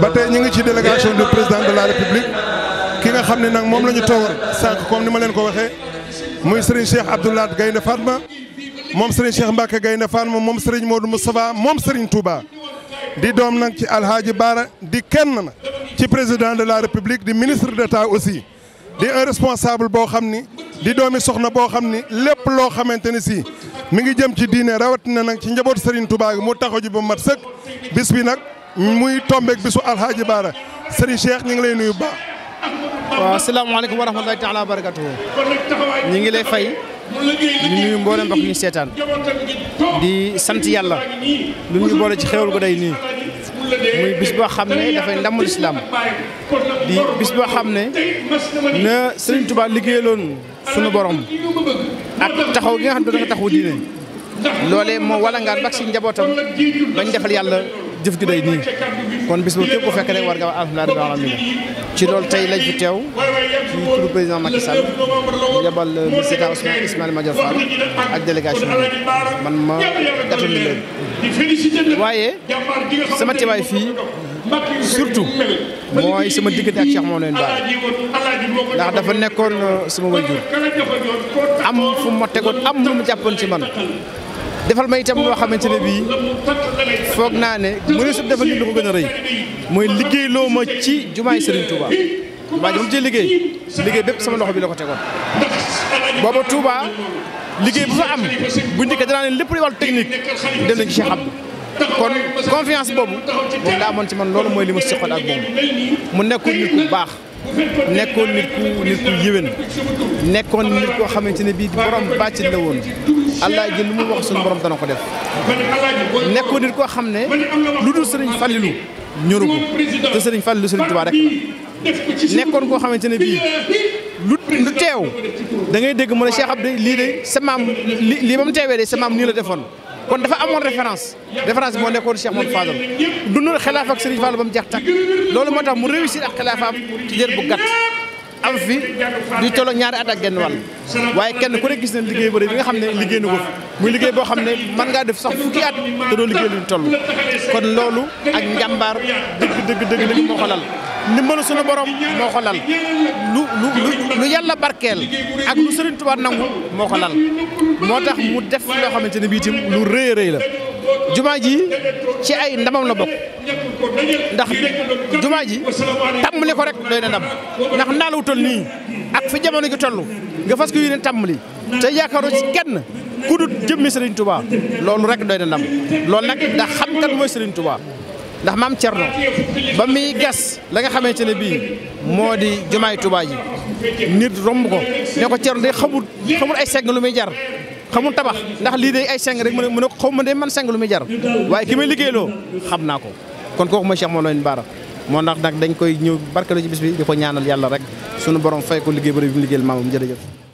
ba tey ñu ngi ci délégation du président de la république ki nga xamné ne mom lañu la ñu comme ni ma leen ko waxé muy Serigne Cheikh Abdou Lahad Fatma mom Serigne Cheikh Mbacké Gaïndé Fatma mom Serigne Modou mustapha mom Serigne Touba. di dom nak ci Alhaji bara di kenn na ci président de la république di ministre d'État aussi di un responsable bo xamni di domi soxna bo xamni lepp lo loo si mi ngi jëm ci rawat na nak ci njabootu Serigne Touba mo mu ji mat sëkk bis bi nak muy tombeeg bisu alxaaji Baara sëriñ Cheikh ñu ngi lay nuyu baax. waaw asalaamaaleykum wa rahmatulahi taala wa barakatuhu ñu ngi lay fay ñu nuyu mboolem mbokk ñu di sant yàlla lu ñu boole ci xéwal gu day nii muy bis boo ndamul islam di bis boo xam ne na Sëriñ Tuubaa liggéeyaloon sunu borom ak taxaw gi nga xam ne da nga taxawu diine loolee moo walangaan bak si bañ defal jëf gi nii kon bis boobu képp ku fekk rek war nga wax alhamdulilah rabbil aalamiin ci loolu tey lañ fi teew ci lu président Macky Sall mu yebal euh, ministre d'État Ousmane Ismaïla Madior ak délégation man ma gàttal ni leen waaye sama teewaay fii surtout mooy sama diggante ak Cheikh moom leen baax ndax dafa nekkoon euh, sama waajur am fu ma tegoon am lu mu jàppoon ci man defal ma itam loo xamante ne foog naa ne mënu sub defal nit lu ko gën a rëy mooy liggéey loo ma ci jumaay Serigne Touba jumaa ji moom ci liggéey liggéey bépp sama loxo bi la ko tegoon booba Touba liggéey bu fa am bu ndikkee danaa leen lépp di wàllu technique dem nañ ci Cheikh Abdou kon confiance boobu moom daa amoon ci man loolu mooy li ma seqoon ak moom mu nekkul nit ku baax nekkoon nit ku yéwén nekkoon nit koo xamante ne bii borom bàccin la woon allah ji lu mu wax suñu borom dana ko def nekkoon nit koo xam ne lu dul sëriñ Fallilou ñoru ko te sëriñ Fallilou sëriñ Tuubaa rek nekkoon koo xamante ne bii lu lu teew da ngay dégg mu ne Cheikh Abdou lii de sa lii ba mu teewee de sa maam nii la defoon kon dafa amoon référence référence bi moo nekkoon Cheikh Modou Fadal dund xilaaf ak Serigne ba mu jeex tàkk loolu moo tax mu réussir ak xilaafaam ci jër bu gàtt am fi du tolloog ñaari at ak genn wàll waaye kenn ku ne gis na liggéey bëri bi nga xam ne liggéey na ko fi muy liggéey boo xam ne mën ngaa def sax fukki at te doo liggéey lu toll kon loolu ak njàmbaar dëgg dëgg dëgg dëgg moo ko ndimbalu sunu borom moo ko lal lu yàlla barkeel ak lu Sëriñ Tuubaa nangu moo ko lal moo tax mu def loo xamante ne bii tam lu rëy a la jumaa ji ci ay ndamam la bokk ndax jumaa ji tàmbali ko rek doy na ndam ndax naa la wutal nii ak fi jamono ji toll nga fas ko yéene tàmbali te yaakaaroo ci kenn ku dul jëmmi Sëriñ Tuubaa loolu rek doy na ndam loolu nag ndax xam kan mooy Sëriñ Tuubaa ndax maam Thierno ba muy gas la nga xamante ne bii moo di jumaay Tuubaa ji nit romb ko ne ko Thierno de xamul xamul ay seng lu muy jar xamul tabax ndax lii de ay seng rek mu ne mu ne xaw ma de man seng lu muy jar waaye ki may liggéeyloo xam naa ko kon kooku mooy Cheikh Mawlana Bara moo ndax nag dañ koy ñëw barkelu ci bis bi di ko ñaanal yàlla rek sunu borom fay ko liggéey bëri bi mu liggéeyal maamam jërëjëf